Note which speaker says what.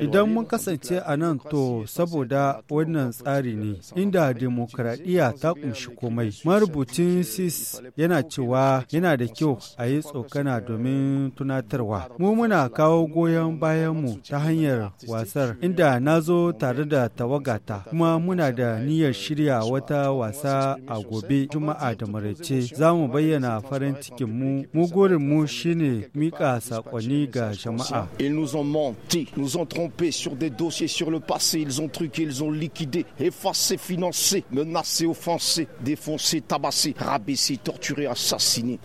Speaker 1: Idan mun
Speaker 2: kasance a nan to saboda wannan tsari ne, inda demokradiya ta kunshi komai. Marubucin SIS yana cewa yana da kyau a yi tsokana domin tunatarwa. Mu muna kawo goyon bayan mu ta hanyar wasar, inda na zo tare da tawagata, kuma muna da niyyar shirya wata wasa a gobe Juma'a da Maraice. Za mu bayyana farin cikin mu mu gurinmu shine mika
Speaker 3: Euh,
Speaker 2: ah.
Speaker 4: Ils nous ont menti, nous ont trompé sur des dossiers sur le passé, ils ont truqué, ils ont liquidé, effacé, financé, menacé, offensé, défoncé, tabassé, rabaissé, torturé, assassiné.